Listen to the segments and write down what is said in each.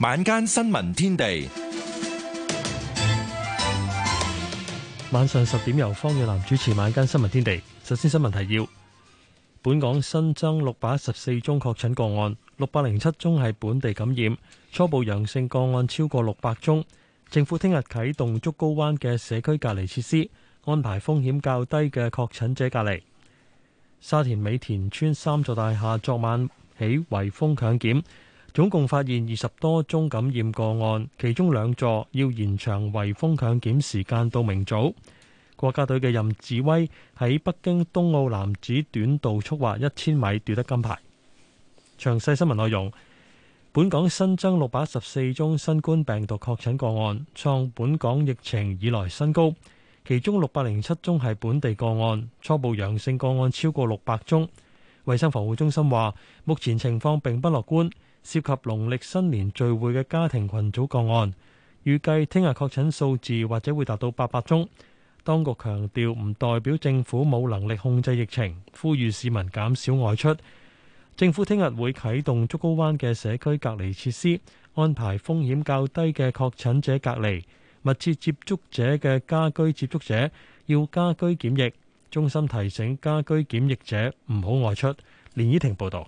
晚間新聞天地，晚上十點由方宇南主持晚間新聞天地。首先新聞提要：本港新增六百一十四宗確診個案，六百零七宗係本地感染，初步陽性個案超過六百宗。政府聽日啟動竹篙灣嘅社區隔離設施，安排風險較低嘅確診者隔離。沙田美田村三座大廈昨晚起圍封強檢。總共發現二十多宗感染個案，其中兩座要延長圍封強檢時間到明早。國家隊嘅任志威喺北京冬奧男子短道速滑一千米奪得金牌。詳細新聞內容：本港新增六百一十四宗新冠病毒確診個案，創本港疫情以來新高，其中六百零七宗係本地個案，初步陽性個案超過六百宗。衛生防護中心話，目前情況並不樂觀。涉及農曆新年聚會嘅家庭羣組個案，預計聽日確診數字或者會達到八百宗。當局強調唔代表政府冇能力控制疫情，呼籲市民減少外出。政府聽日會啟動竹篙灣嘅社區隔離設施，安排風險較低嘅確診者隔離，密切接觸者嘅家居接觸者要家居檢疫，中心提醒家居檢疫者唔好外出。連依婷報道。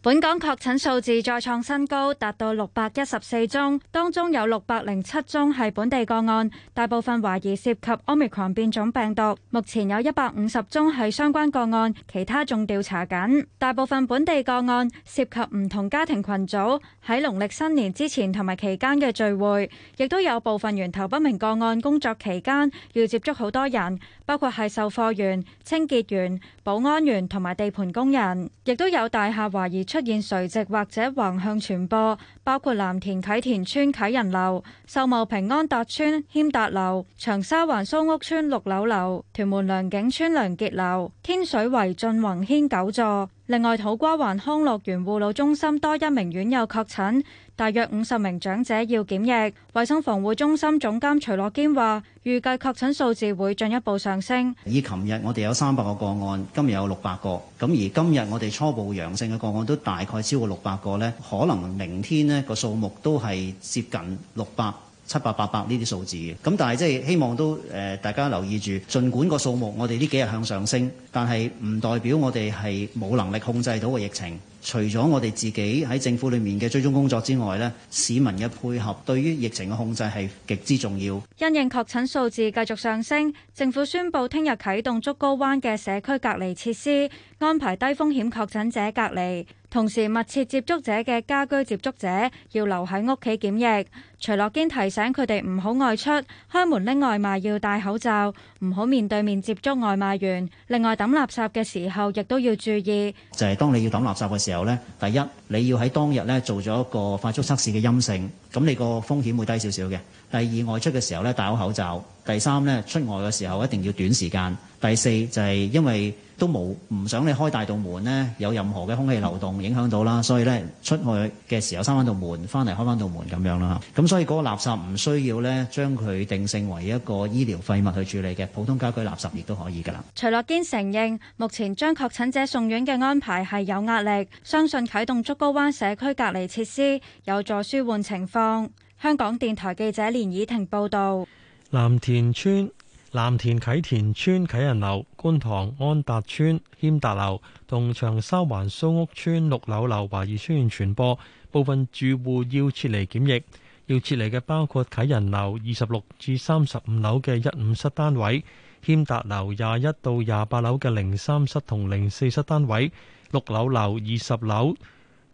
本港確診數字再創新高，達到六百一十四宗，當中有六百零七宗係本地個案，大部分懷疑涉及 Omicron 變種病毒。目前有一百五十宗係相關個案，其他仲調查緊。大部分本地個案涉及唔同家庭群組喺農曆新年之前同埋期間嘅聚會，亦都有部分源頭不明個案。工作期間要接觸好多人，包括係售貨員、清潔員、保安員同埋地盤工人，亦都有大廈懷疑出。出現垂直或者橫向傳播，包括藍田啟田邨啟仁樓、秀茂坪安達邨謙達樓、長沙灣蘇屋邨綠柳樓、屯門良景邨良傑樓、天水圍俊宏軒九座。另外，土瓜灣康樂園護老中心多一名院友確診，大約五十名長者要檢疫。衛生防護中心總監徐樂堅話，預計確診數字會進一步上升。以琴日我哋有三百個個案，今日有六百個，咁而今日我哋初步陽性嘅個案都大概超過六百個呢，可能明天呢個數目都係接近六百、七百、八百呢啲數字嘅。咁但係即係希望都誒、呃、大家留意住，儘管個數目我哋呢幾日向上升。但係唔代表我哋係冇能力控制到個疫情。除咗我哋自己喺政府裏面嘅追蹤工作之外咧，市民嘅配合對於疫情嘅控制係極之重要。因應確診數字繼續上升，政府宣布聽日啟動竹篙灣嘅社區隔離設施，安排低風險確診者隔離，同時密切接觸者嘅家居接觸者要留喺屋企檢疫。徐樂堅提醒佢哋唔好外出，開門拎外賣要戴口罩，唔好面對面接觸外賣員。另外等，抌垃圾嘅時候，亦都要注意。就係當你要抌垃圾嘅時候咧，第一你要喺當日咧做咗一個快速測試嘅陰性，咁你個風險會低少少嘅。第二外出嘅時候咧，戴好口罩。第三咧出外，嘅時候一定要短時間。第四就係因為。都冇唔想你開大道門咧，有任何嘅空氣流動影響到啦，所以咧出去嘅時候閂翻道門翻嚟開翻道門咁樣啦嚇。咁所以嗰個垃圾唔需要咧，將佢定性為一個醫療廢物去處理嘅，普通家居垃圾亦都可以㗎啦。徐樂堅承認目前將確診者送院嘅安排係有壓力，相信啟動竹篙灣社區隔離設施有助舒緩情況。香港電台記者連以婷報道，藍田村。藍田啟田村啟仁樓、觀塘安達村謙達樓同長沙灣蘇屋村六柳樓懷疑出現傳播，部分住戶要撤離檢疫。要撤離嘅包括啟仁樓二十六至三十五樓嘅一五室單位、謙達樓廿一到廿八樓嘅零三室同零四室單位、六柳樓二十樓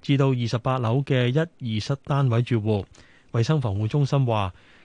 至到二十八樓嘅一二室單位住戶。衛生防護中心話。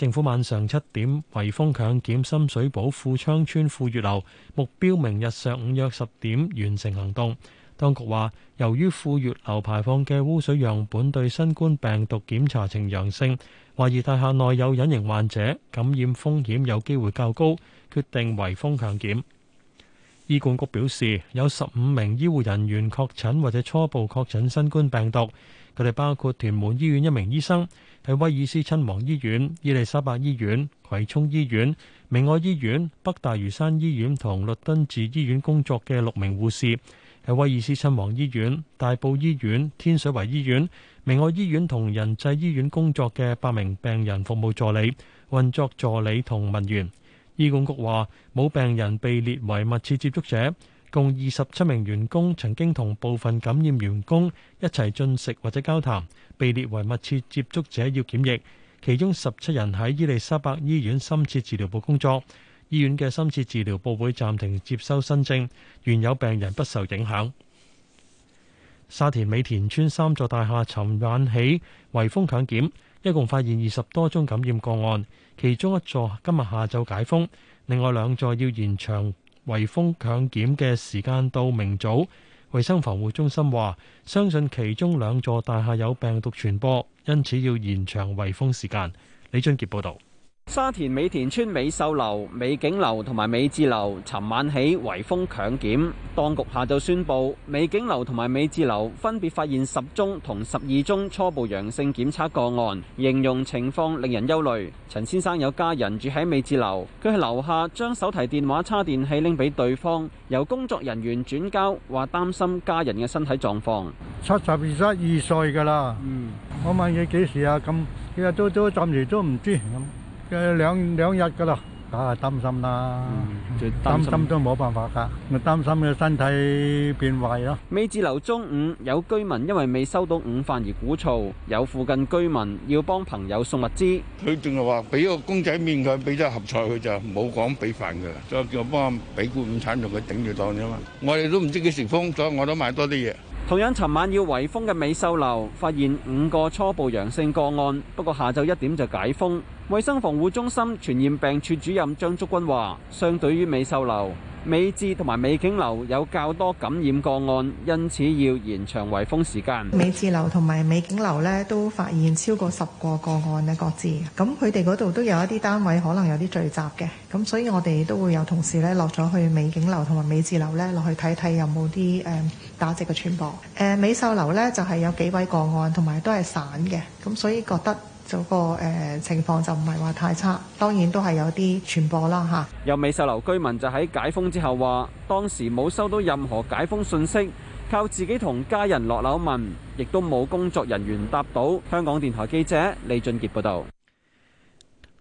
政府晚上七點圍封強檢深水埗富昌村富悅樓，目標明日上午約十點完成行動。當局話，由於富悅樓排放嘅污水樣本對新冠病毒檢查呈陽性，懷疑大廈內有隱形患者，感染風險有機會較高，決定圍封強檢。醫管局表示，有十五名醫護人員確診或者初步確診新冠病毒，佢哋包括屯門醫院一名醫生。喺威爾斯親王醫院、伊利沙伯醫院、葵涌醫院、明愛醫院、北大嶼山醫院同律敦治醫院工作嘅六名護士，喺威爾斯親王醫院、大埔醫院、天水圍醫院、明愛醫院同仁濟醫院工作嘅八名病人服務助理、運作助理同文員。醫管局話冇病人被列為密切接觸者。共二十七名員工曾經同部分感染員工一齊進食或者交談，被列為密切接觸者要檢疫。其中十七人喺伊利沙伯醫院深切治療部工作，醫院嘅深切治療部會暫停接收新症，原有病人不受影響。沙田美田村三座大廈尋晚起圍封強檢，一共發現二十多宗感染個案，其中一座今日下晝解封，另外兩座要延長。圍封強檢嘅時間到明早，衛生防護中心話相信其中兩座大廈有病毒傳播，因此要延長圍封時間。李俊傑報道。沙田美田村美秀樓、美景樓同埋美智樓，尋晚起圍封強檢，當局下晝宣布，美景樓同埋美智樓分別發現十宗同十二宗初步陽性檢測個案，形容情況令人憂慮。陳先生有家人住喺美智樓，佢喺樓下將手提電話叉電器拎俾對方，由工作人員轉交，話擔心家人嘅身體狀況。七十二歲，二歲噶啦。我問佢幾時啊？咁幾日都都暫時都唔知。誒，兩兩日噶啦，梗係擔心啦，擔、嗯、心，心都冇辦法噶。我擔心佢身體變壞咯。美至樓中午有居民因為未收到午飯而鼓噪，有附近居民要幫朋友送物資。佢淨係話俾個公仔麵佢，俾咗盒菜佢就冇講俾飯噶啦，就叫我幫下俾罐午餐用佢頂住檔啫嘛。我哋都唔知幾時封咗，我都買多啲嘢。同樣，尋晚要圍封嘅美秀樓發現五個初步陽性個案，不過下晝一點就解封。衛生防護中心傳染病處主任張竹君話，相對於美秀樓、美智同埋美景樓有較多感染個案，因此要延長圍封時間。美智樓同埋美景樓咧都發現超過十個個案咧，各自咁佢哋嗰度都有一啲單位可能有啲聚集嘅，咁所以我哋都會有同事咧落咗去美景樓同埋美智樓咧落去睇睇有冇啲誒垂直嘅傳播。誒美秀樓咧就係有幾位個案，同埋都係散嘅，咁所以覺得。嗰個誒情況就唔係話太差，當然都係有啲傳播啦嚇。有美秀樓居民就喺解封之後話，當時冇收到任何解封信息，靠自己同家人落樓問，亦都冇工作人員答到。香港電台記者李俊傑報道。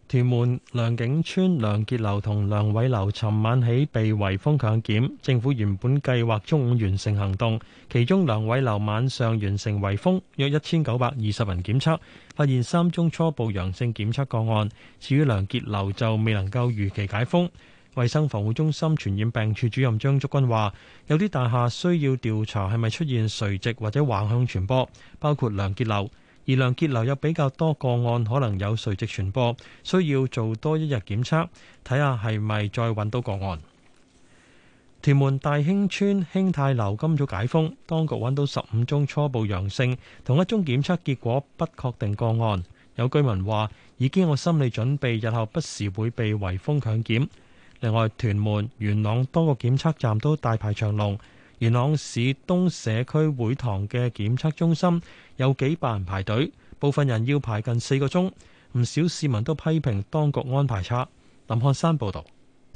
屯門良景邨、良傑樓同良偉樓昨晚起被圍封強檢，政府原本計劃中午完成行動，其中良偉樓晚上完成圍封，約一千九百二十人檢測，發現三宗初步陽性檢測個案。至於良傑樓就未能夠如期解封。衛生防護中心傳染病處主任張竹君話：有啲大廈需要調查係咪出現垂直或者橫向傳播，包括良傑樓。而良傑樓有比較多個案，可能有垂直傳播，需要做多一日檢測，睇下係咪再揾到個案。屯門大興村興泰樓今早解封，當局揾到十五宗初步陽性，同一宗檢測結果不確定個案。有居民話：已經有心理準備，日後不時會被圍封強檢。另外，屯門元朗多個檢測站都大排長龍。元朗市東社區會堂嘅檢測中心有幾百人排隊，部分人要排近四個鐘，唔少市民都批評當局安排差。林漢山報道。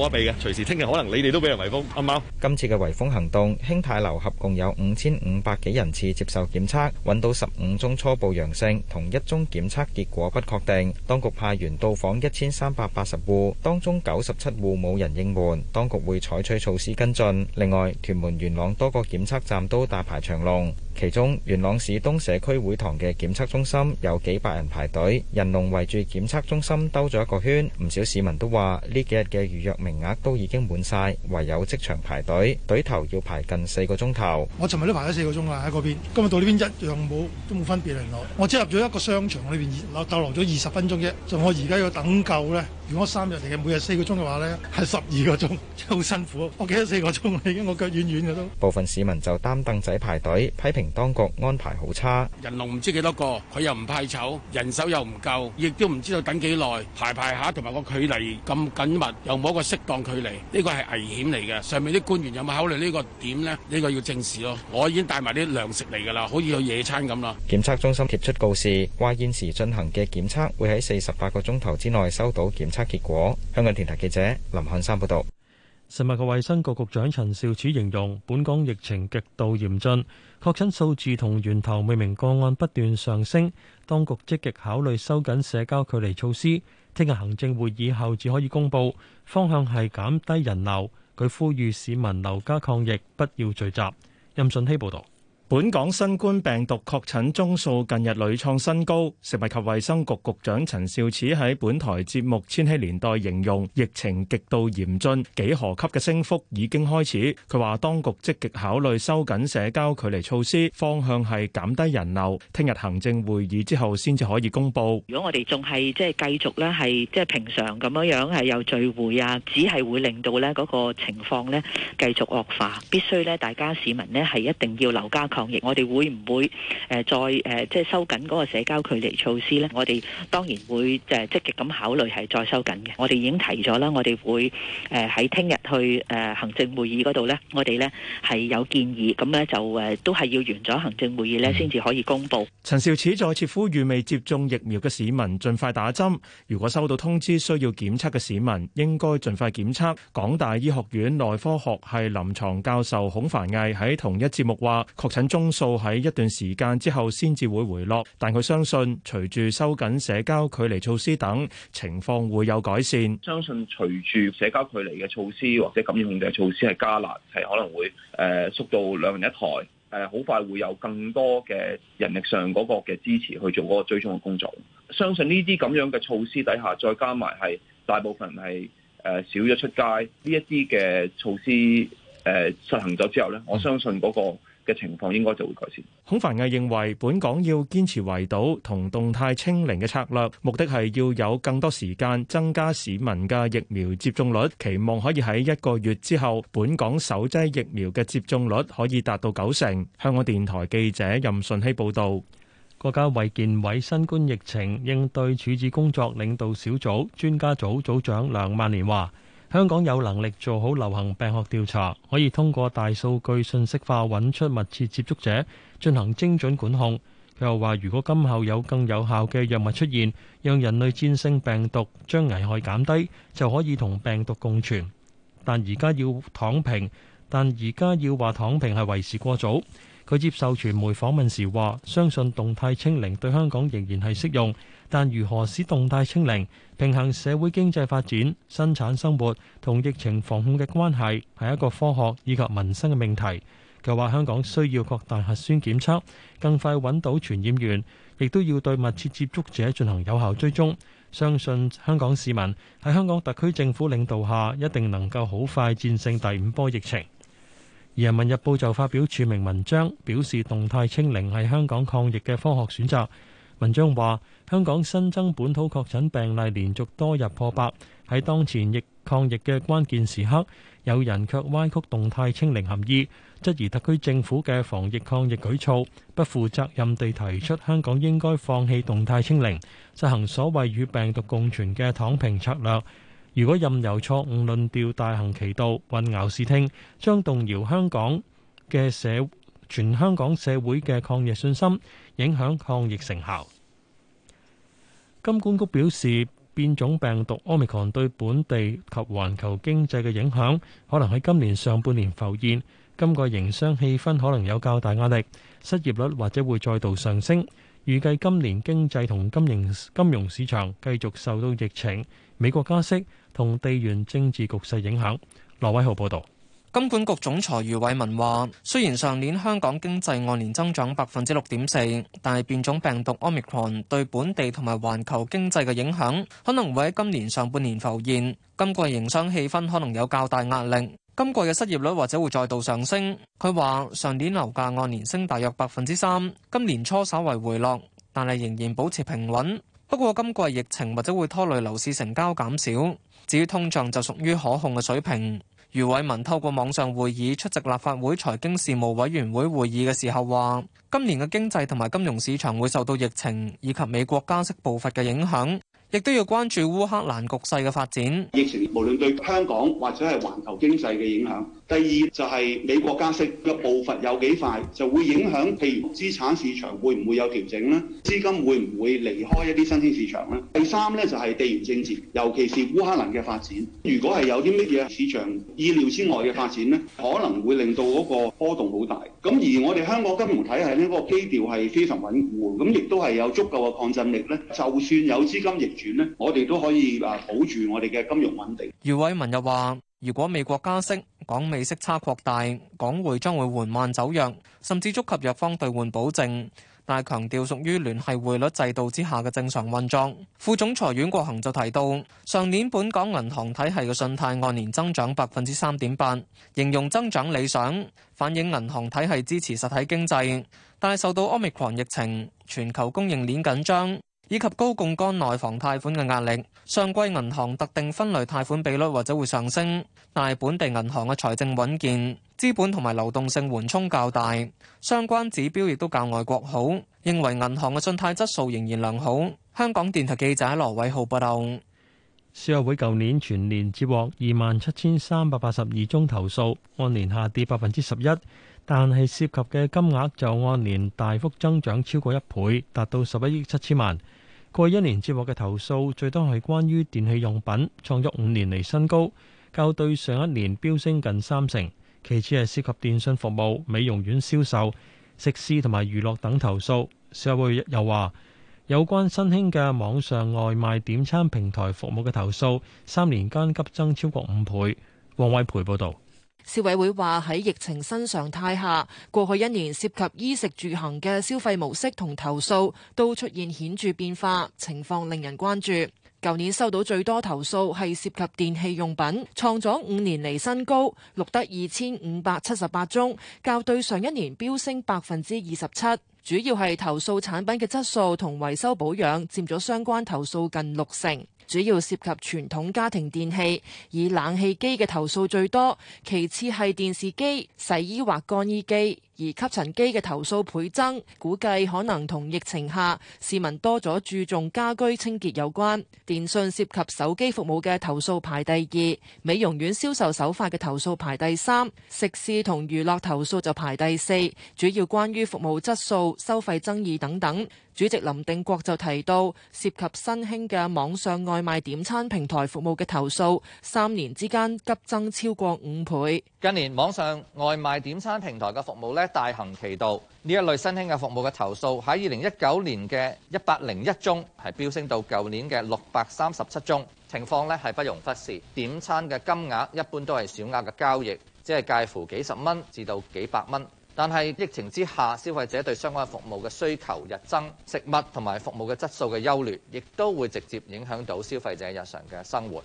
冇可避嘅，隨時聽日可能你哋都俾人圍封。阿啱？今次嘅圍封行動，興泰樓合共有五千五百幾人次接受檢測，揾到十五宗初步陽性，同一宗檢測結果不確定。當局派員到訪一千三百八十戶，當中九十七戶冇人應門，當局會採取措施跟進。另外，屯門元朗多個檢測站都大排長龍。其中元朗市東社區會堂嘅檢測中心有幾百人排隊，人龍圍住檢測中心兜咗一個圈，唔少市民都話呢幾日嘅預約名額都已經滿晒，唯有即場排隊，隊頭要排近四個鐘頭。我尋日都排咗四個鐘啦，喺嗰邊，今日到呢邊一樣冇，都冇分別人。耐。我只入咗一個商場裏邊逗留咗二十分鐘啫，就我而家要等夠呢。如果三日嚟嘅每日四個鐘嘅話咧，係十二個鐘，真係好辛苦。我記得四個鐘，已經我腳軟軟嘅都。部分市民就擔凳仔排隊，批評當局安排好差。人龍唔知幾多個，佢又唔派籌，人手又唔夠，亦都唔知道等幾耐。排排下同埋個距離咁緊密，又冇一個適當距離，呢個係危險嚟嘅。上面啲官員有冇考慮呢個點咧？呢個要正視咯。我已經帶埋啲糧食嚟㗎啦，好似野餐咁啦。檢測中心貼出告示，話現時進行嘅檢測會喺四十八個鐘頭之內收到檢測。結果，香港電台記者林漢山報道。食物及衛生局局長陳肇始形容，本港疫情極度嚴峻，確診數字同源頭未明個案不斷上升，當局積極考慮收緊社交距離措施。聽日行政會議後至可以公布，方向係減低人流。佢呼籲市民留家抗疫，不要聚集。任信希報道。本港新冠病毒確診宗數近日屢創新高，食物及衛生局局長陳肇始喺本台節目《千禧年代》形容疫情極度嚴峻，幾何級嘅升幅已經開始。佢話當局積極考慮收緊社交距離措施，方向係減低人流。聽日行政會議之後先至可以公布。如果我哋仲係即係繼續咧，係即係平常咁樣樣係有聚會啊，只係會令到咧嗰個情況咧繼續惡化，必須咧大家市民咧係一定要留家。防疫，我哋會唔會誒再誒即係收緊嗰個社交距離措施咧？我哋當然會誒積極咁考慮係再收緊嘅。我哋已經提咗啦，我哋會誒喺聽日去誒行政會議嗰度咧，我哋咧係有建議，咁咧就誒都係要完咗行政會議咧先至可以公布。陳肇始再次呼籲未接種疫苗嘅市民盡快打針。如果收到通知需要檢測嘅市民，應該盡快檢測。港大醫學院內科學系臨牀教授孔凡毅喺同一節目話：確診。中數喺一段時間之後先至會回落，但佢相信隨住收緊社交距離措施等，情況會有改善。相信隨住社交距離嘅措施或者感染控制措施係加辣，係可能會誒縮、呃、到兩人一台，誒、呃、好快會有更多嘅人力上嗰個嘅支持去做嗰個追蹤嘅工作。相信呢啲咁樣嘅措施底下，再加埋係大部分人係誒、呃、少咗出街呢一啲嘅措施誒、呃、實行咗之後咧，我相信嗰、那個。嘅情況應該就會改善。孔繁毅認為，本港要堅持圍堵同動態清零嘅策略，目的係要有更多時間增加市民嘅疫苗接種率，期望可以喺一個月之後，本港首劑疫苗嘅接種率可以達到九成。香港電台記者任順希報導。國家衛健委新冠疫情應對處置工作領導小組專家組組長梁萬年話。香港有能力做好流行病學調查，可以通過大數據信息化揾出密切接觸者，進行精準管控。佢又話如果今後有更有效嘅藥物出現，讓人類戰勝病毒，將危害減低，就可以同病毒共存。但而家要躺平，但而家要話躺平係為時過早。佢接受傳媒訪問時話：相信動態清零對香港仍然係適用。但如何使動態清零平衡社會經濟發展、生產生活同疫情防控嘅關係，係一個科學以及民生嘅命題。佢話香港需要擴大核酸檢測，更快揾到傳染源，亦都要對密切接觸者進行有效追蹤。相信香港市民喺香港特區政府領導下，一定能夠好快戰勝第五波疫情。而《人民日報》就發表署名文章，表示動態清零係香港抗疫嘅科學選擇。文章話：香港新增本土確診病例連續多日破百，喺當前疫抗疫嘅關鍵時刻，有人卻歪曲動態清零含義，質疑特區政府嘅防疫抗疫舉措，不負責任地提出香港應該放棄動態清零，實行所謂與病毒共存嘅躺平策略。如果任由錯誤論調大行其道，混淆視聽，將動搖香港嘅社全香港社會嘅抗疫信心。影響抗疫成效。金管局表示，變種病毒 Omicron 對本地及環球經濟嘅影響，可能喺今年上半年浮現。今個營商氣氛可能有較大壓力，失業率或者會再度上升。預計今年經濟同金融金融市場繼續受到疫情、美國加息同地緣政治局勢影響。羅偉豪報導。金管局總裁余偉文話，雖然上年香港經濟按年增長百分之六點四，但係變種病毒 Omicron 對本地同埋環球經濟嘅影響，可能會喺今年上半年浮現。今季營商氣氛可能有較大壓力，今季嘅失業率或者會再度上升。佢話上年樓價按年升大約百分之三，今年初稍為回落，但係仍然保持平穩。不過今季疫情或者會拖累樓市成交減少。至於通脹就屬於可控嘅水平。余偉文透過網上會議出席立法會財經事務委員會會議嘅時候話，今年嘅經濟同埋金融市場會受到疫情以及美國加息步伐嘅影響，亦都要關注烏克蘭局勢嘅發展。疫情無論對香港或者係環球經濟嘅影響。第二就係、是、美國加息嘅步伐有幾快，就會影響譬如資產市場會唔會有調整咧？資金會唔會離開一啲新興市場咧？第三咧就係、是、地緣政治，尤其是烏克蘭嘅發展。如果係有啲乜嘢市場意料之外嘅發展咧，可能會令到嗰個波動好大。咁而我哋香港金融體系呢個基調係非常穩固，咁亦都係有足夠嘅抗震力咧。就算有資金逆轉咧，我哋都可以啊保住我哋嘅金融穩定。余偉文又話，如果美國加息，港美息差擴大，港匯將會緩慢走弱，甚至觸及弱方兌換保證，但係強調屬於聯繫匯率制度之下嘅正常運作。副總裁阮國恒就提到，上年本港銀行體系嘅信貸按年增長百分之三點八，形容增長理想，反映銀行體系支持實體經濟，但係受到奧密克戎疫情、全球供應鏈緊張，以及高槓桿內房貸款嘅壓力，相關銀行特定分類貸款比率或者會上升。但係本地銀行嘅財政穩健、資本同埋流動性緩衝較大，相關指標亦都較外國好。認為銀行嘅信貸質素仍然良好。香港電台記者羅偉浩報道。消委會舊年全年接獲二萬七千三百八十二宗投訴，按年下跌百分之十一，但係涉及嘅金額就按年大幅增長超過一倍，達到十一億七千萬。過去一年接獲嘅投訴最多係關於電器用品，創咗五年嚟新高，較對上一年飆升近三成。其次係涉及電信服務、美容院銷售、食肆同埋娛樂等投訴。社會又話有關新興嘅網上外賣點餐平台服務嘅投訴，三年間急增超過五倍。王偉培報道。消委會話喺疫情新常態下，過去一年涉及衣食住行嘅消費模式同投訴都出現顯著變化，情況令人關注。舊年收到最多投訴係涉及電器用品，創咗五年嚟新高，錄得二千五百七十八宗，較對上一年飆升百分之二十七。主要係投訴產品嘅質素同維修保養佔咗相關投訴近六成。主要涉及傳統家庭電器，以冷氣機嘅投訴最多，其次係電視機、洗衣或乾衣機，而吸塵機嘅投訴倍增，估計可能同疫情下市民多咗注重家居清潔有關。電信涉及手機服務嘅投訴排第二，美容院銷售手法嘅投訴排第三，食肆同娛樂投訴就排第四，主要關於服務質素、收費爭議等等。主席林定國就提到，涉及新興嘅網上外賣點餐平台服務嘅投訴，三年之間急增超過五倍。近年網上外賣點餐平台嘅服務咧大行其道，呢一類新興嘅服務嘅投訴喺二零一九年嘅一百零一宗，係飆升到舊年嘅六百三十七宗，情況咧係不容忽視。點餐嘅金額一般都係小額嘅交易，即係介乎幾十蚊至到幾百蚊。但係疫情之下，消費者對相關服務嘅需求日增，食物同埋服務嘅質素嘅優劣，亦都會直接影響到消費者日常嘅生活。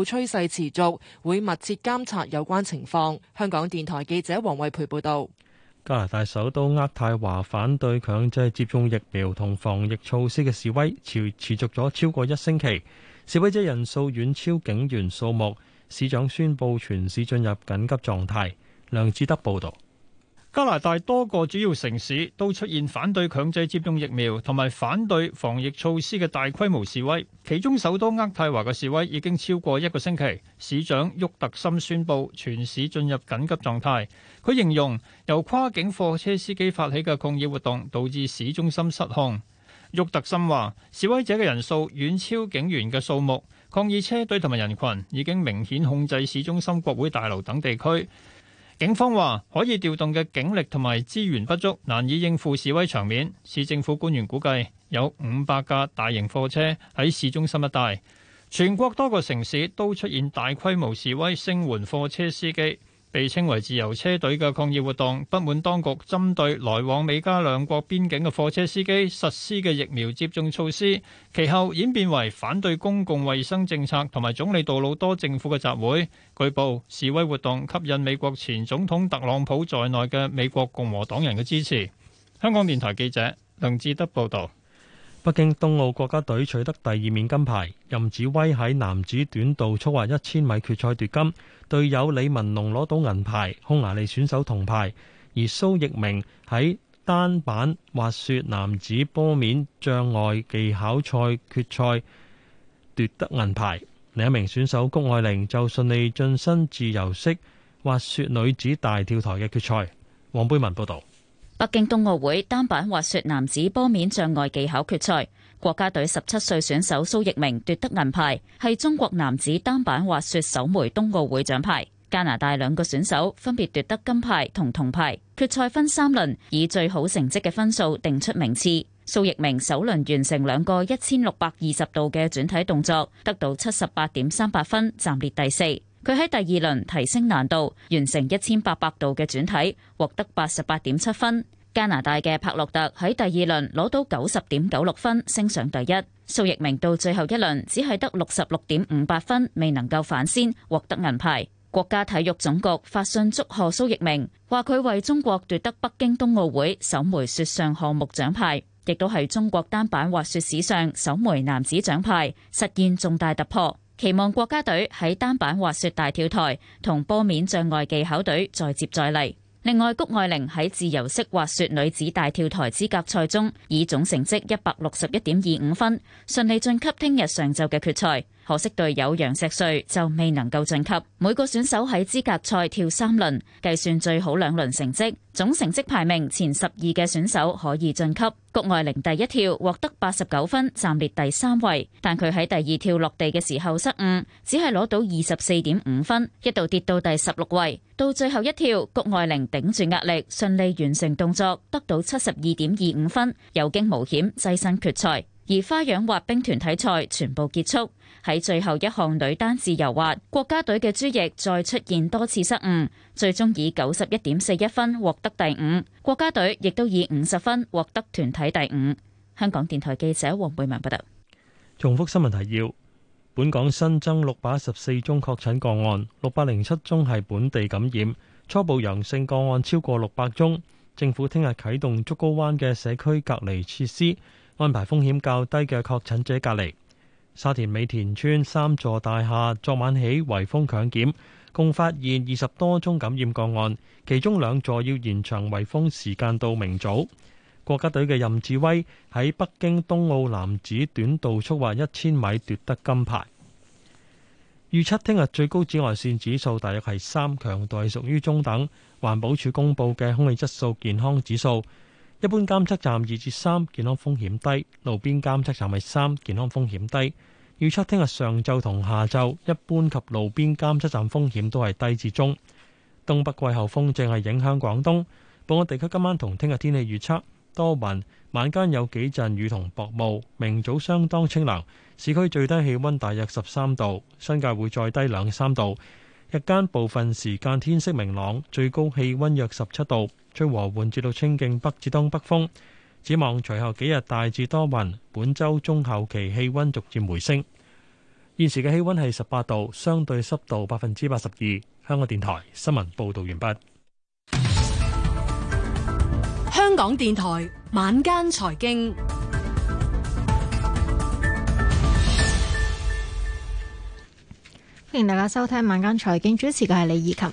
趨勢持續，會密切監察有關情況。香港電台記者黃慧培報道：加拿大首都渥太華反對強制接種疫苗同防疫措施嘅示威，持持續咗超過一星期，示威者人數遠超警員數目。市長宣佈全市進入緊急狀態。梁志德報道。加拿大多個主要城市都出現反對強制接種疫苗同埋反對防疫措施嘅大規模示威，其中首都渥太華嘅示威已經超過一個星期。市長沃特森宣布全市進入緊急狀態。佢形容由跨境貨車司機發起嘅抗議活動導致市中心失控。沃特森話：示威者嘅人數遠超警員嘅數目，抗議車隊同埋人群已經明顯控制市中心、國會大樓等地區。警方話可以調動嘅警力同埋資源不足，難以應付示威場面。市政府官員估計有五百架大型貨車喺市中心一帶，全國多個城市都出現大規模示威，聲援貨車司機。被稱為自由車隊嘅抗議活動，不滿當局針對來往美加兩國邊境嘅貨車司機實施嘅疫苗接種措施，其後演變為反對公共衛生政策同埋總理杜魯多政府嘅集會。據報示威活動吸引美國前總統特朗普在內嘅美國共和黨人嘅支持。香港電台記者梁志德報道。北京冬奧國家隊取得第二面金牌，任子威喺男子短道速滑一千米決賽奪金，隊友李文龍攞到銀牌，匈牙利選手銅牌。而蘇翊鳴喺單板滑雪男子坡面障礙技巧賽決賽奪得銀牌，另一名選手谷愛玲就順利晉身自由式滑雪女子大跳台嘅決賽。黃貝文報道。北京冬奧會單板滑雪男子坡面障礙技巧決賽，國家隊十七歲選手蘇翊鳴奪得銀牌，係中國男子單板滑雪首枚冬奧會獎牌。加拿大兩個選手分別奪得金牌同銅牌。決賽分三輪，以最好成績嘅分數定出名次。蘇翊鳴首輪完成兩個一千六百二十度嘅轉體動作，得到七十八點三八分，暫列第四。佢喺第二輪提升難度，完成一千八百度嘅轉體，獲得八十八點七分。加拿大嘅柏洛特喺第二輪攞到九十點九六分，升上第一。蘇翊鳴到最後一輪只係得六十六點五八分，未能夠反先，獲得銀牌。國家體育總局發信祝賀蘇翊鳴，話佢為中國奪得北京冬奧會首枚雪上項目獎牌，亦都係中國單板滑雪史上首枚男子獎牌，實現重大突破。期望國家隊喺單板滑雪大跳台同坡面障礙技巧隊再接再厲。另外，谷愛玲喺自由式滑雪女子大跳台資格賽中，以總成績一百六十一點二五分，順利晉級聽日上晝嘅決賽。可惜隊友楊石瑞就未能夠晉級。每個選手喺資格賽跳三輪，計算最好兩輪成績總成績排名前十二嘅選手可以晉級。谷愛玲第一跳獲得八十九分，暫列第三位，但佢喺第二跳落地嘅時候失誤，只係攞到二十四點五分，一度跌到第十六位。到最後一跳，谷愛玲頂住壓力，順利完成動作，得到七十二點二五分，有驚無險躋身決賽。而花樣滑冰團體賽全部結束，喺最後一項女單自由滑，國家隊嘅朱毅再出現多次失誤，最終以九十一點四一分獲得第五。國家隊亦都以五十分獲得團體第五。香港電台記者黃貝文報道。重複新聞提要，本港新增六百一十四宗確診個案，六百零七宗係本地感染，初步陽性個案超過六百宗。政府聽日啟動竹篙灣嘅社區隔離設施。安排風險較低嘅確診者隔離。沙田美田村三座大廈昨晚起圍封強檢，共發現二十多宗感染個案，其中兩座要延長圍封時間到明早。國家隊嘅任志威喺北京冬奧男子短道速滑一千米奪得金牌。預測聽日最高紫外線指數大約係三，強度屬於中等。環保署公佈嘅空氣質素健康指數。一般監測站二至三，健康風險低；路邊監測站係三，健康風險低。預測聽日上晝同下晝，一般及路邊監測站風險都係低至中。東北季候風正係影響廣東，本港地區今晚同聽日天氣預測多雲，晚間有幾陣雨同薄霧，明早相當清涼，市區最低氣溫大約十三度，新界會再低兩三度。日間部分時間天色明朗，最高氣溫約十七度，吹和緩至到清勁北至東北風。展望隨後幾日大致多雲，本周中後期氣溫逐漸回升。現時嘅氣溫係十八度，相對濕度百分之八十二。香港電台新聞報道完畢。香港電台晚間財經。歡迎大家收聽晚間財經，主持嘅係李怡琴。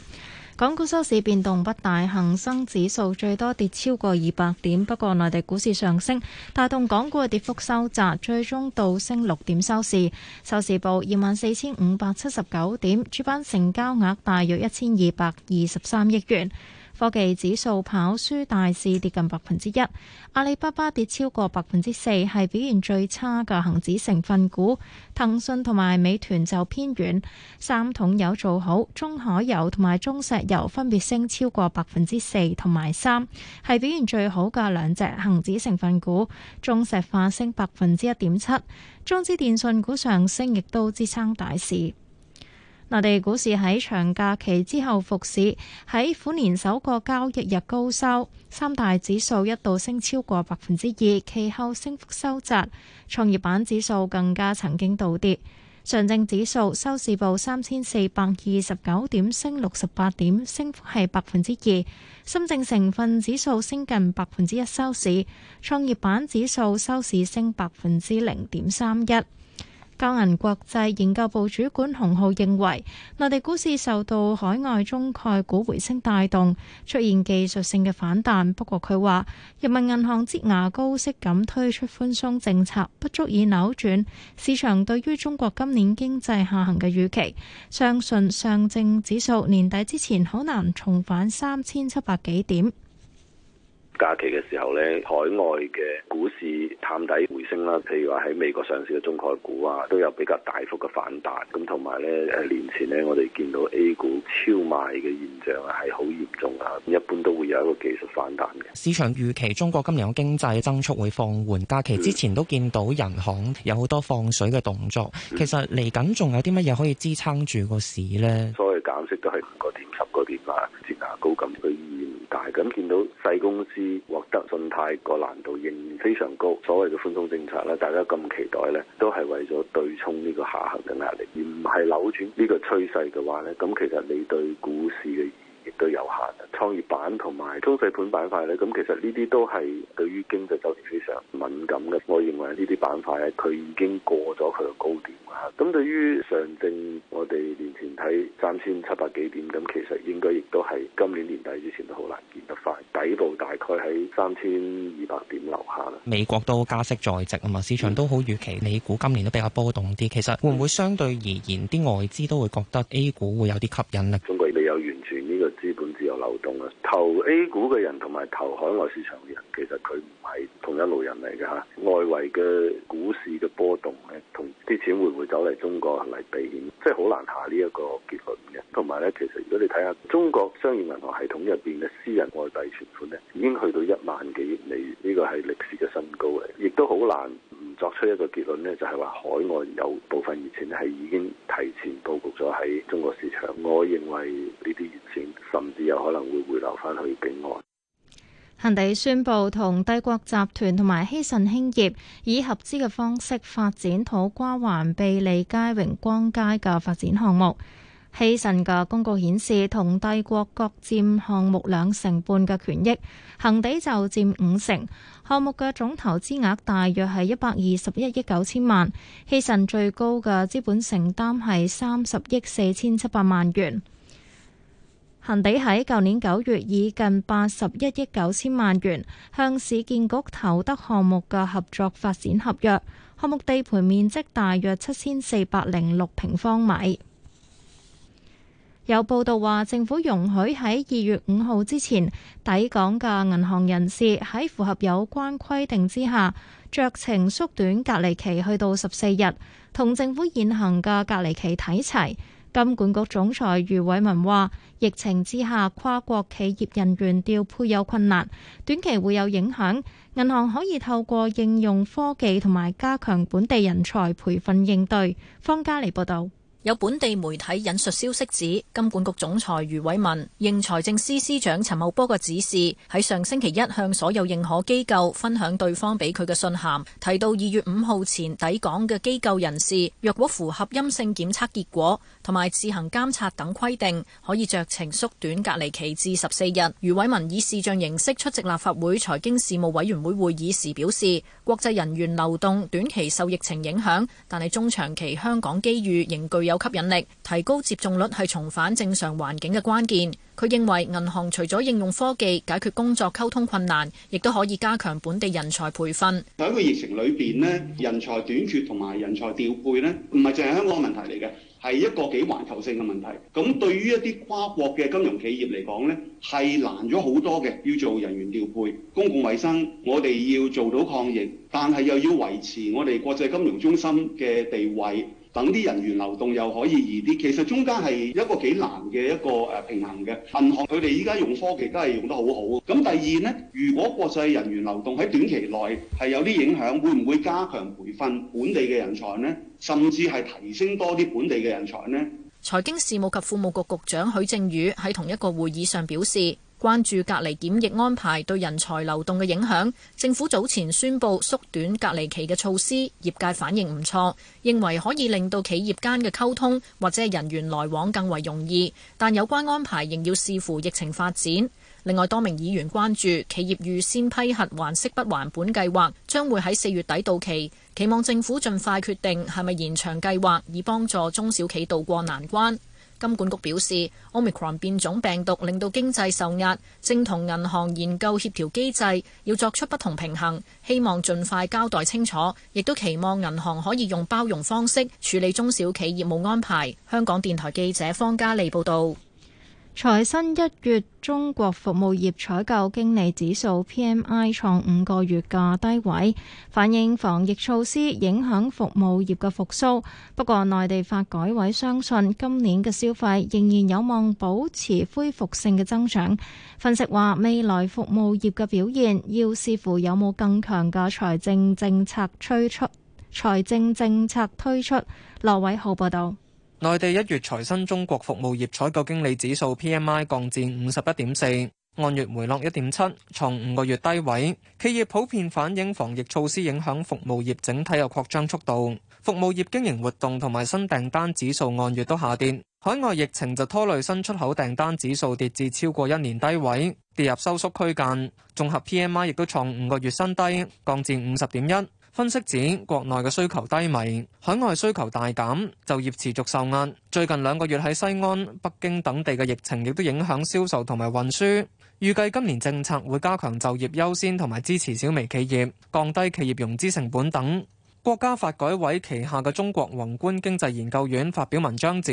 港股收市變動不大，恒生指數最多跌超過二百點，不過內地股市上升，帶動港股嘅跌幅收窄，最終到升六點收市。收市報二萬四千五百七十九點，主板成交額大約一千二百二十三億元。科技指數跑輸大市，跌近百分之一。阿里巴巴跌超過百分之四，係表現最差嘅恒指成分股。騰訊同埋美團就偏軟。三桶油做好，中海油同埋中石油分別升超過百分之四同埋三，係表現最好嘅兩隻恒指成分股。中石化升百分之一點七。中資電訊股上升，亦都支撐大市。內地股市喺長假期之後復市，喺虎年首個交易日高收，三大指數一度升超過百分之二，其後升幅收窄。創業板指數更加曾經倒跌，上證指數收市報三千四百二十九點，升六十八點，升幅係百分之二。深證成分指數升近百分之一收市，創業板指數收市升百分之零點三一。交銀國際研究部主管洪浩認為，內地股市受到海外中概股回升帶動，出現技術性嘅反彈。不過佢話，人民銀行擠牙膏式咁推出寬鬆政策，不足以扭轉市場對於中國今年經濟下行嘅預期。相信上證指數年底之前好難重返三千七百幾點。假期嘅時候咧，海外嘅股市探底回升啦，譬如話喺美國上市嘅中概股啊，都有比較大幅嘅反彈。咁同埋咧誒年前咧，我哋見到 A 股超賣嘅現象係好嚴重啊，一般都會有一個技術反彈嘅。市場預期中國今年嘅經濟增速會放緩，假期之前都見到人行有好多放水嘅動作。嗯、其實嚟緊仲有啲乜嘢可以支撐住個市咧？所謂減息都係五個點、十個點啊，唧牙膏咁嘅意。但係咁，見到細公司獲得信貸個難度仍然非常高，所謂嘅寬鬆政策咧，大家咁期待咧，都係為咗對沖呢個下行嘅壓力，而唔係扭轉呢個趨勢嘅話咧，咁其實你對股市嘅亦都有限嘅，創業板同埋中細盤板塊咧，咁其實呢啲都係對於經濟走勢非常敏感嘅。我認為呢啲板塊咧，佢已經過咗佢嘅高點啦。咁對於上證，我哋年前睇三千七百幾點，咁其實應該亦都係今年年底之前都好難見得快底部，大概喺三千二百點樓下啦。美國都加息在即啊嘛，市場都好預期，嗯、美股今年都比較波動啲。其實會唔會相對而言，啲外資都會覺得 A 股會有啲吸引力？中國未有完全呢、這個。資本自由流動啊！投 A 股嘅人同埋投海外市場嘅人，其實佢唔係同一路人嚟㗎吓。外圍嘅股市嘅波動咧，同啲錢會唔會走嚟中國嚟避險，即係好難下呢一個結論嘅。同埋咧，其實如果你睇下中國商業銀行系統入邊嘅私人外幣存款咧，已經去到一萬幾億美元，呢個係歷史嘅新高嚟，亦都好難唔作出一個結論咧，就係話海外有部分熱錢係已經提前佈局咗喺中國市場。我認為呢啲熱錢，甚至有可能會回流返去境外。恒地宣布，同帝國集團同埋希慎興業，業以合資嘅方式發展土瓜灣、庇利街、榮光街嘅發展項目。希慎嘅公告顯示，同帝國各佔項目兩成半嘅權益，恒地就佔五成。項目嘅總投資額大約係一百二十一億九千萬。希慎最高嘅資本承擔係三十億四千七百萬元。恒地喺舊年九月以近八十一億九千萬元向市建局投得項目嘅合作發展合約，項目地盤面積大約七千四百零六平方米。有報道話，政府容許喺二月五號之前抵港嘅銀行人士喺符合有關規定之下，酌情縮短隔離期去到十四日，同政府現行嘅隔離期睇齊。金管局總裁余偉文話：疫情之下，跨國企業人員調配有困難，短期會有影響。銀行可以透過應用科技同埋加強本地人才培訓應對。方家麗報道。有本地媒體引述消息指，金管局總裁余偉文應財政司司長陳茂波嘅指示，喺上星期一向所有認可機構分享對方俾佢嘅信函，提到二月五號前抵港嘅機構人士，若果符合陰性檢測結果同埋自行監察等規定，可以酌情縮短隔離期至十四日。余偉文以視像形式出席立法會財經事務委員會會議時表示，國際人員流動短期受疫情影響，但係中長期香港機遇仍具有吸引力，提高接種率係重返正常環境嘅關鍵。佢認為銀行除咗應用科技解決工作溝通困難，亦都可以加強本地人才培訓。喺個疫情裏邊咧，人才短缺同埋人才調配咧，唔係淨係香港問題嚟嘅，係一個幾環球性嘅問題。咁對於一啲跨國嘅金融企業嚟講咧，係難咗好多嘅，要做人員調配。公共衛生，我哋要做到抗疫，但係又要維持我哋國際金融中心嘅地位。等啲人員流動又可以易啲，其實中間係一個幾難嘅一個誒平衡嘅。銀行佢哋依家用科技都係用得好好。咁第二呢，如果國際人員流動喺短期內係有啲影響，會唔會加強培訓本地嘅人才呢？甚至係提升多啲本地嘅人才呢？財經事務及庫務局局長許正宇喺同一個會議上表示。關注隔離檢疫安排對人才流動嘅影響，政府早前宣布縮短隔離期嘅措施，業界反應唔錯，認為可以令到企業間嘅溝通或者人員來往更為容易。但有關安排仍要視乎疫情發展。另外，多名議員關注企業預先批核還息不還本計劃將會喺四月底到期，期望政府盡快決定係咪延長計劃，以幫助中小企渡過難關。金管局表示，Omicron 變種病毒令到經濟受壓，正同銀行研究協調機制，要作出不同平衡，希望盡快交代清楚，亦都期望銀行可以用包容方式處理中小企業務安排。香港電台記者方嘉莉報導。財新一月中國服務業採購經理指數 PMI 創五個月嘅低位，反映防疫措施影響服務業嘅復蘇。不過內地發改委相信今年嘅消費仍然有望保持恢復性嘅增長。分析話未來服務業嘅表現要視乎有冇更強嘅財政政策推出。財政政策推出。羅偉浩報道。內地一月財新中國服務業採購經理指數 PMI 降至五十一點四，按月回落一點七，創五個月低位。企業普遍反映防疫措施影響服務業整體嘅擴張速度。服務業經營活動同埋新訂單指數按月都下跌。海外疫情就拖累新出口訂單指數跌至超過一年低位，跌入收縮區間。綜合 PMI 亦都創五個月新低，降至五十點一。分析指，國內嘅需求低迷，海外需求大減，就業持續受壓。最近兩個月喺西安、北京等地嘅疫情亦都影響銷售同埋運輸，預計今年政策會加強就業優先同埋支持小微企業，降低企業融資成本等。國家發改委旗下嘅中國宏觀經濟研究院發表文章指，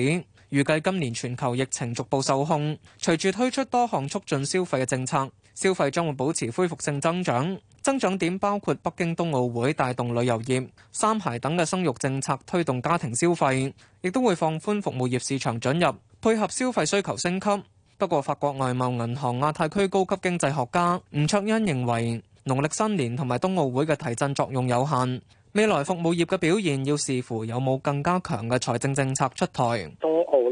預計今年全球疫情逐步受控，隨住推出多項促進消費嘅政策。消費將會保持恢復性增長，增長點包括北京冬奧會帶動旅遊業、三孩等嘅生育政策推動家庭消費，亦都會放寬服務業市場准入，配合消費需求升級。不過法國外貿銀行亞太區高級經濟學家吳卓恩認為，農曆新年同埋冬奧會嘅提振作用有限，未來服務業嘅表現要視乎有冇更加強嘅財政政策出台。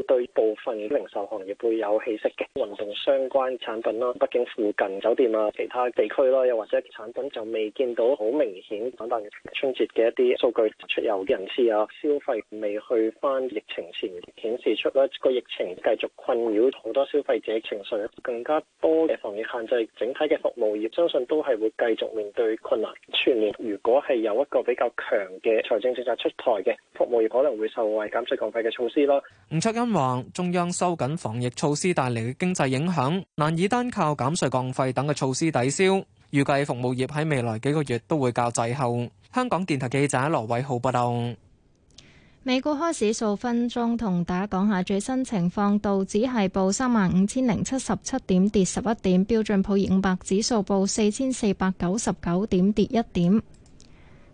對部分零售行業會有起色嘅，運動相關產品啦，北京附近酒店啊，其他地區啦，又或者產品就未見到好明顯。咁但係春節嘅一啲數據，出遊人次啊，消費未去翻疫情前顯示出啦，個疫情繼續困擾好多消費者情緒，更加多嘅防疫限制，整體嘅服務業相信都係會繼續面對困難。全年如果係有一個比較強嘅財政政策出台嘅，服務業可能會受惠減稅降費嘅措施啦。吳話中央收緊防疫措施帶嚟嘅經濟影響，難以單靠減稅降費等嘅措施抵消。預計服務業喺未來幾個月都會較滯後。香港電台記者羅偉浩報道。美國開市數分鐘，同大家講下最新情況：道指係報三萬五千零七十七點，跌十一點；標準普爾五百指數報四千四百九十九點，跌一點。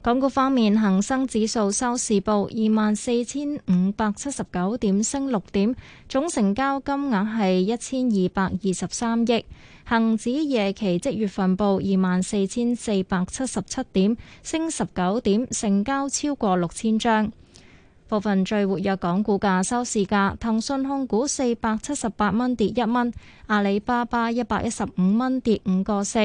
港股方面，恒生指數收市報二萬四千五百七十九點，升六點，總成交金額係一千二百二十三億。恒指夜期即月份報二萬四千四百七十七點升十九點，成交超過六千張。部分最活躍港股價收市價，騰訊控股四百七十八蚊跌一蚊，阿里巴巴一百一十五蚊跌五個四，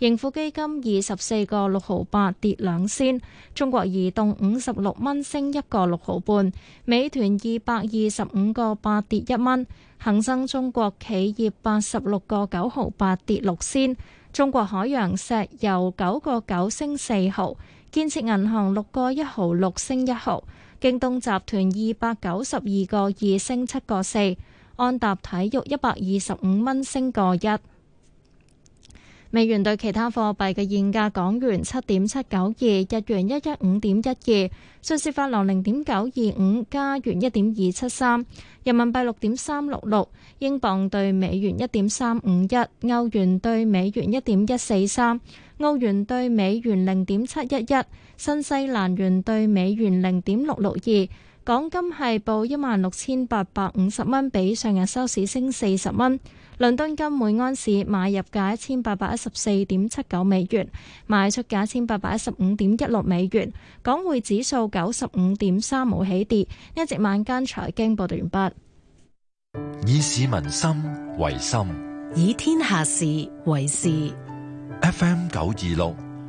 盈富基金二十四個六毫八跌兩仙，中國移動五十六蚊升一個六毫半，美團二百二十五個八跌一蚊，恒生中國企業八十六個九毫八跌六仙，中國海洋石油九個九升四毫，建設銀行六個一毫六升一毫。京東集團二百九十二個二升七個四，安踏體育一百二十五蚊升個一。美元對其他貨幣嘅現價：港元七點七九二，日元一一五點一二，瑞士法郎零點九二五，加元一點二七三，人民幣六點三六六，英鎊兌美元一點三五一，歐元兌美元一點一四三，澳元兌美元零點七一一。新西蘭元兌美元零點六六二，港金係報一萬六千八百五十蚊，比上日收市升四十蚊。倫敦金每安士買入價一千八百一十四點七九美元，賣出價一千八百一十五點一六美元。港匯指數九十五點三，冇起跌，一直晚間財經報道完畢。以市民心為心，以天下事為事。F.M. 九二六。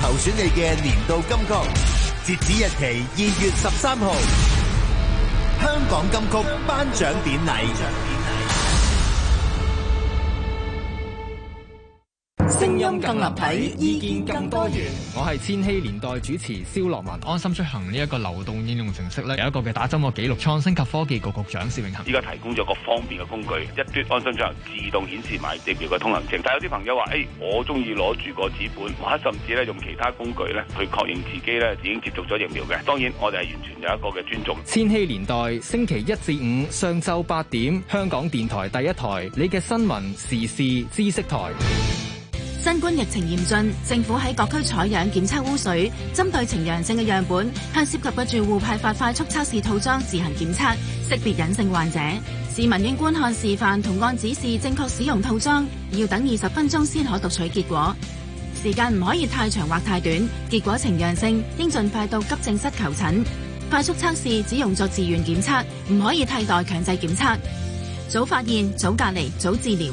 投選你嘅年度金曲，截止日期二月十三號，香港金曲頒獎典禮。聲音更立體，意見更多元。我係千禧年代主持蕭樂文。安心出行呢一個流動應用程式咧，有一個嘅打針個記錄創新及科技局局長施永恒，依家提供咗個方便嘅工具，一端安心出行自動顯示埋疫苗嘅通行證。但有啲朋友話，誒、哎，我中意攞住個紙本，或者甚至咧，用其他工具咧去確認自己咧已經接種咗疫苗嘅。當然，我哋係完全有一個嘅尊重。千禧年代星期一至五上晝八點，香港電台第一台你嘅新聞時事知識台。新冠疫情嚴峻，政府喺各區採樣檢測污水，針對呈陽性嘅樣本，向涉及嘅住戶派發快速測試套裝自行檢測，識別隱性患者。市民應觀看示範同按指示正確使用套裝，要等二十分鐘先可讀取結果。時間唔可以太長或太短，結果呈陽性應盡快到急症室求診。快速測試只用作自願檢測，唔可以替代強制檢測。早發現，早隔離，早治療。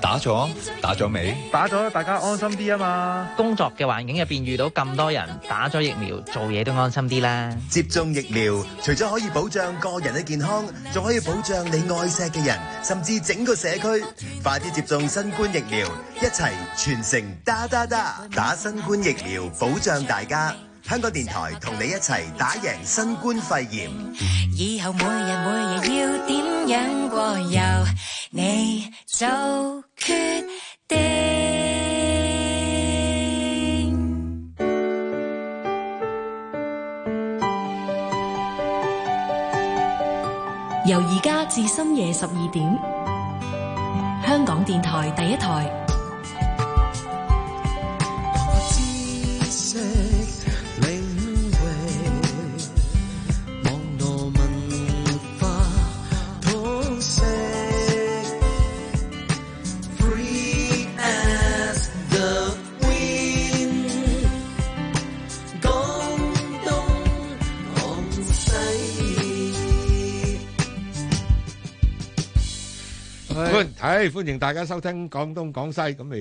打咗打咗未？打咗，大家安心啲啊嘛！工作嘅環境入邊遇到咁多人打咗疫苗，做嘢都安心啲啦。接種疫苗，除咗可以保障個人嘅健康，仲可以保障你愛錫嘅人，甚至整個社區。快啲接種新冠疫苗，一齊全城打打打，打新冠疫苗保障大家。香港電台同你一齊打贏新冠肺炎。以後每日每日要點。養過幼，你做決定。由而家至深夜十二點，香港電台第一台。係，歡迎大家收聽廣東廣西咁嚟。